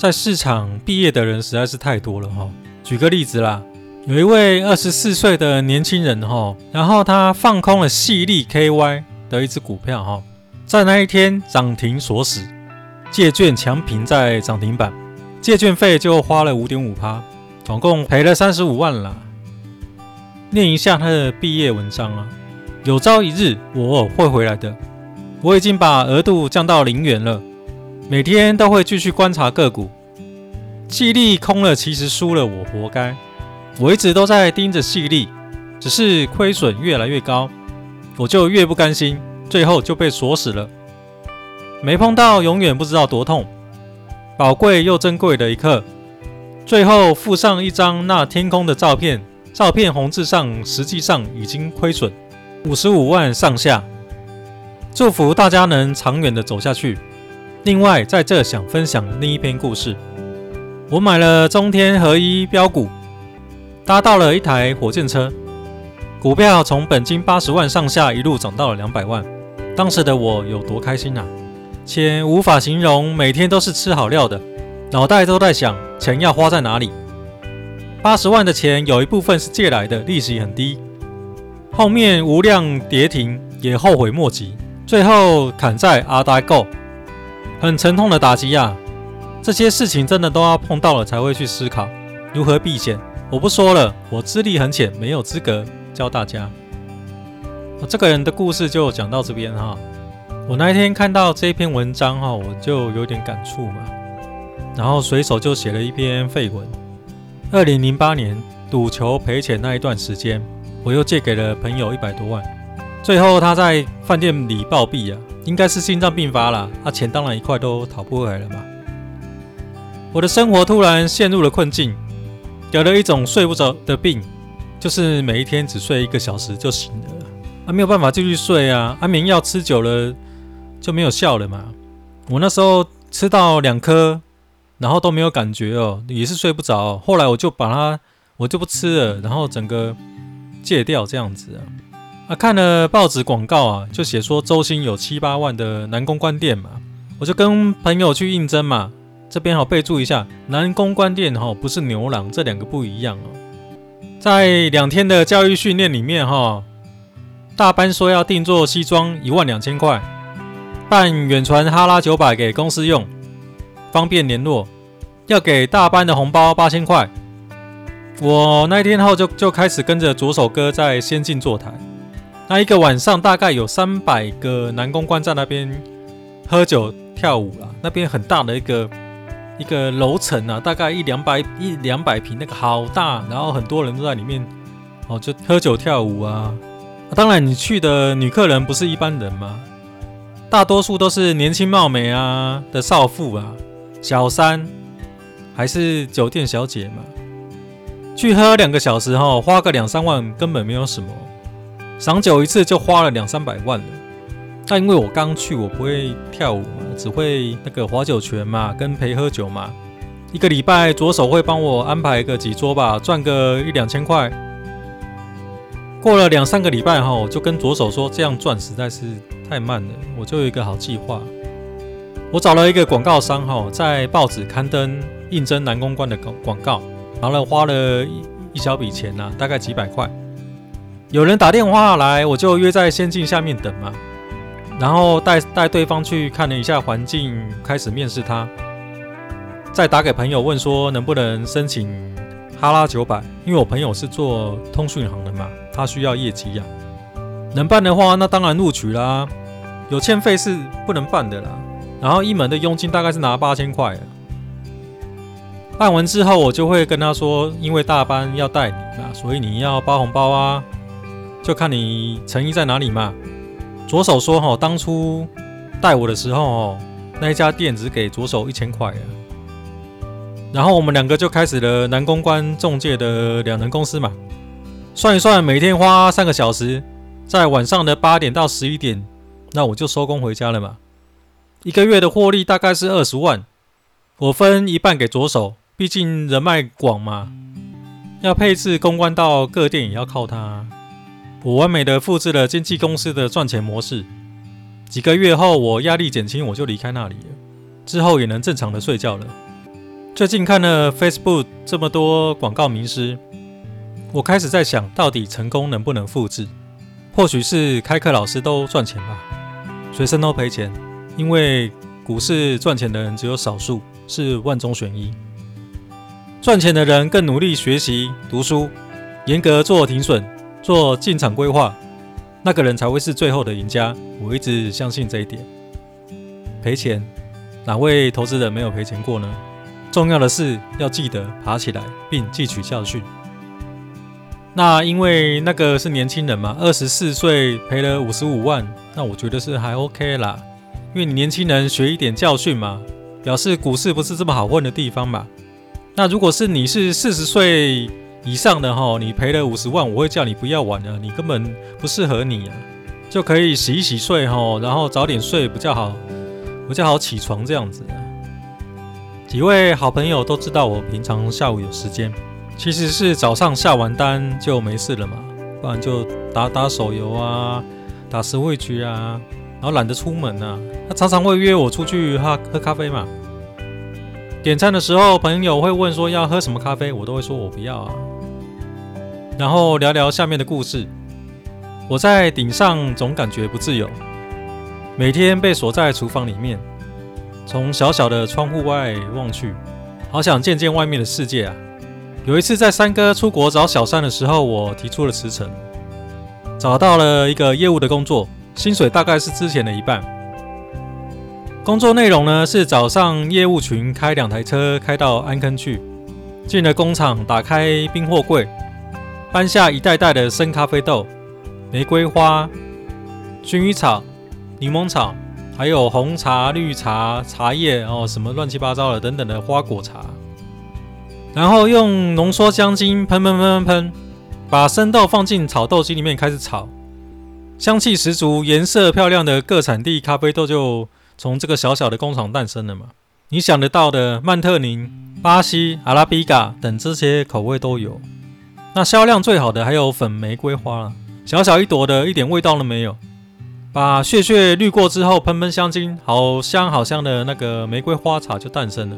在市場畢業的人實在是太多了哈、哦。舉個例子啦，有一位二十四歲的年輕人哈、哦，然後他放空了犀利 KY 的一支股票哈、哦，在那一天漲停鎖死，借券強平在漲停板，借券費就花了五點五趴，總共賠了三十五萬啦。念一下他的畢業文章啊，有朝一日我會回來的，我已經把額度降到零元了。每天都會繼續觀察個股，細粒空了，其實輸了，我活該。我一直都在盯着細粒，只是虧損越來越高，我就越不甘心，最後就被鎖死了。沒碰到，永遠不知道多痛。寶貴又珍貴的一刻。最後附上一張那天空的照片，照片紅字上實際上已經虧損五十五萬上下。祝福大家能長遠的走下去。另外，在這想分享另一篇故事。我買了中天合一飆股，搭到了一台火箭車，股票從本金八十萬上下一路漲到了兩百萬。當時的我有多開心啊，錢無法形容，每天都是吃好料的，腦袋都在想錢要花在哪裡。八十萬的錢有一部分是借來的，利息很低。後面無量跌停，也後悔莫及，最後砍在阿呆谷。很沉痛的打擊呀、啊！這些事情真的都要碰到了才會去思考如何避險。我不說了，我資歷很淺，沒有資格教大家。我、哦、這個人的故事就講到這邊哈。我那一天看到這一篇文章哈，我就有點感觸嘛，然後隨手就寫了一篇廢文。二零零八年賭球賠錢那一段時間，我又借給了朋友一百多萬，最後他在飯店裡暴斃啊。應該是心臟病發了，啊錢當然一塊都討不回來了嘛。我的生活突然陷入了困境，有了一種睡不着的病，就是每一天只睡一個小時就醒了，啊沒有辦法繼續睡啊，安眠藥吃久了就沒有效了嘛。我那時候吃到兩顆，然後都沒有感覺哦，也是睡不着。後來我就把它，我就不吃了，然後整個戒掉這樣子啊。啊，看了報紙廣告啊，就寫說週薪，有七八萬的男公關店嘛，我就跟朋友去應徵嘛。這邊好備註一下，男公關店哈、哦、不是牛郎，這兩個不一樣哦。在兩天的教育訓練裡面哈、哦，大班說要定做西裝一萬兩千塊，辦遠傳哈拉九百給公司用，方便聯絡，要給大班的紅包八千塊。我那一天後就就開始跟着左手哥在先進坐台。那一個晚上大概有三百個男公關在那邊喝酒跳舞啦、啊，那邊很大的一個一個樓層啊，大概一兩百一兩百坪，那個好大，然後很多人都在裡面哦，就喝酒跳舞啊、啊。當然你去的女客人不是一般人嘛，大多數都是年輕貌美啊的少婦啊、小三還是酒店小姐嘛，去喝兩個小時吼，花個兩三萬根本沒有什麼。賞酒一次就花了兩三百萬了，但因為我剛去，我不會跳舞只會那個划酒拳嘛，跟陪喝酒嘛。一個禮拜左手會幫我安排個幾桌吧，賺個一兩千塊。過了兩三個禮拜哈，我就跟左手說，這樣賺實在是太慢了，我就有一個好計劃。我找了一個廣告商哈，在報紙刊登應徵男公關的廣廣告，然後花了一一小筆錢吶、啊，大概幾百塊。有人打電話來，我就約在仙境下面等嘛，然後帶帶對方去看了一下環境，開始面試他。再打給朋友問說能不能申請哈拉九百，因為我朋友是做通訊行的嘛，他需要業績呀，啊。能辦的話，那當然錄取啦。有欠費是不能辦的啦。然後一門的佣金大概是拿八千塊。辦完之後，我就會跟他說，因為大班要帶你嘛，所以你要包紅包啊。就看你誠意在哪裡嘛。左手說：“哈，當初帶我的時候，哦，那一家店只給左手一千塊了，然後我們兩個就開始了男公關中介的兩人公司嘛。算一算，每天花三個小時，在晚上的八點到十一點，那我就收工回家了嘛。一個月的獲利大概是二十萬，我分一半給左手，畢竟人脈廣嘛，要配置公關到各店也要靠他。”我完美的複製了經紀公司的賺錢模式。幾個月後，我壓力減輕，我就離開那裡了。之後也能正常的睡覺了。最近看了 Facebook 這麼多廣告名師，我開始在想，到底成功能不能複製？或許是開課老師都賺錢吧，學生都賠錢。因為股市賺錢的人只有少數，是萬中選一。賺錢的人更努力學習讀書，嚴格做停損。做進場規劃，那個人才會是最後的贏家。我一直相信這一點。賠錢，哪位投資人沒有賠錢過呢？重要的是要記得爬起來，並汲取教訓。那因為那個是年輕人嘛，二十四歲賠了五十五萬，那我覺得是還 OK 啦，因為你年輕人學一點教訓嘛，表示股市不是這麼好混的地方嘛。那如果是你是四十歲，以上的哈，你賠了五十萬，我會叫你不要玩啊。你根本不適合你啊，就可以洗一洗睡哈，然後早點睡比較好，比較好起床這樣子。幾位好朋友都知道我平常下午有時間，其實是早上下完單就沒事了嘛，不然就打打手遊啊，打實惠局啊，然後懶得出門啊，他常常會約我出去喝喝咖啡嘛。點餐的時候，朋友會問說要喝什麼咖啡，我都會說我不要啊。然後聊聊下面的故事。我在頂上總感覺不自由，每天被鎖在廚房裡面。從小小的窗戶外望去，好想見見外面的世界啊。有一次在三哥出國找小三的時候，我提出了辭呈，找到了一個業務的工作，薪水大概是之前的一半。工作內容呢，是早上業務群開兩台車開到安坑去，進了工廠，打開冰貨櫃，搬下一袋袋的生咖啡豆、玫瑰花、薰衣草、檸檬草，還有紅茶、綠茶、茶葉，然後、哦、什麼亂七八糟的等等的花果茶，然後用濃縮香精噴噴噴噴噴，把生豆放進炒豆機裡面開始炒，香氣十足、顏色漂亮的各產地咖啡豆就。從這個小小的工廠誕生了嘛？你想得到的曼特寧、巴西、阿拉比嘎等這些口味都有。那銷量最好的還有粉玫瑰花啊，小小一朵的，一點味道都沒有。把屑屑濾過之後，噴噴香精，好香好香的那個玫瑰花茶就誕生了。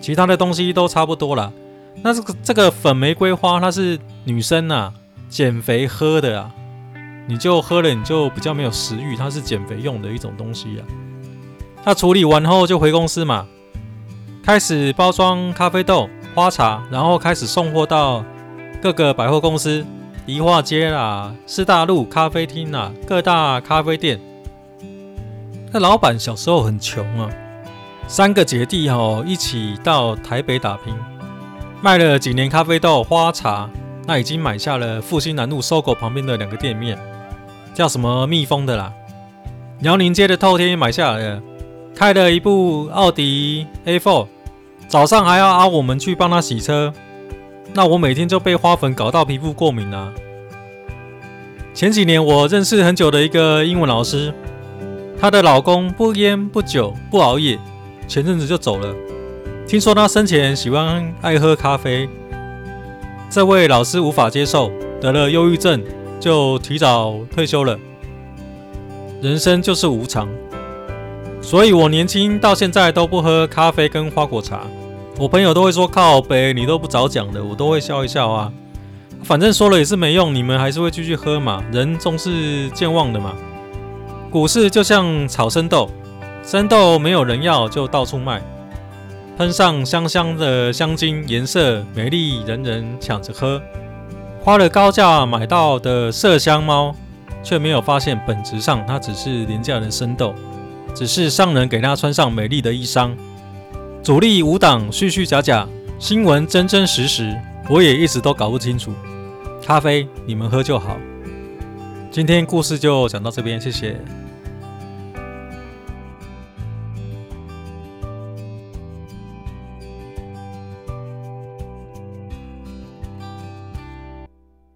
其他的東西都差不多啦。那這個這個粉玫瑰花，它是女生啊減肥喝的啊，你就喝了你就比較沒有食慾，它是減肥用的一種東西啊。那處理完後就回公司嘛，開始包裝咖啡豆、花茶，然後開始送貨到各個百貨公司、迪化街啦、師大路咖啡廳啦、各大咖啡店。那老板小時候很窮啊，三個姐弟吼一起到台北打拼，賣了幾年咖啡豆、花茶，那已經買下了復興南路 SOGO 旁邊的兩個店面，叫什麼蜜蜂的啦、遼寧街的透天買下來了。開了一部奧迪 A4，早上還要啊，我們去幫他洗車，那我每天就被花粉搞到皮膚過敏啊。前幾年我認識很久的一個英文老師，她的老公不煙不酒不熬夜，前陣子就走了，聽說他生前喜歡愛喝咖啡。這位老師無法接受，得了憂鬱症，就提早退休了。人生就是無常。所以，我年輕到現在都不喝咖啡跟花果茶。我朋友都會說，靠北你都不早講的，我都會笑一笑啊。反正說了也是沒用，你們還是會繼續喝嘛。人總是健忘的嘛。股市就像炒生豆，生豆沒有人要就到處賣，噴上香香的香精，顏色美麗，人人搶着喝。花了高價買到的麝香貓，卻沒有發現本質上它只是廉價的生豆。只是上人給他穿上美麗的衣裳，主力舞蹈，虛虛假假，新聞真真實實，我也一直都搞不清楚。咖啡，你們喝就好。今天故事就講到這邊，謝謝。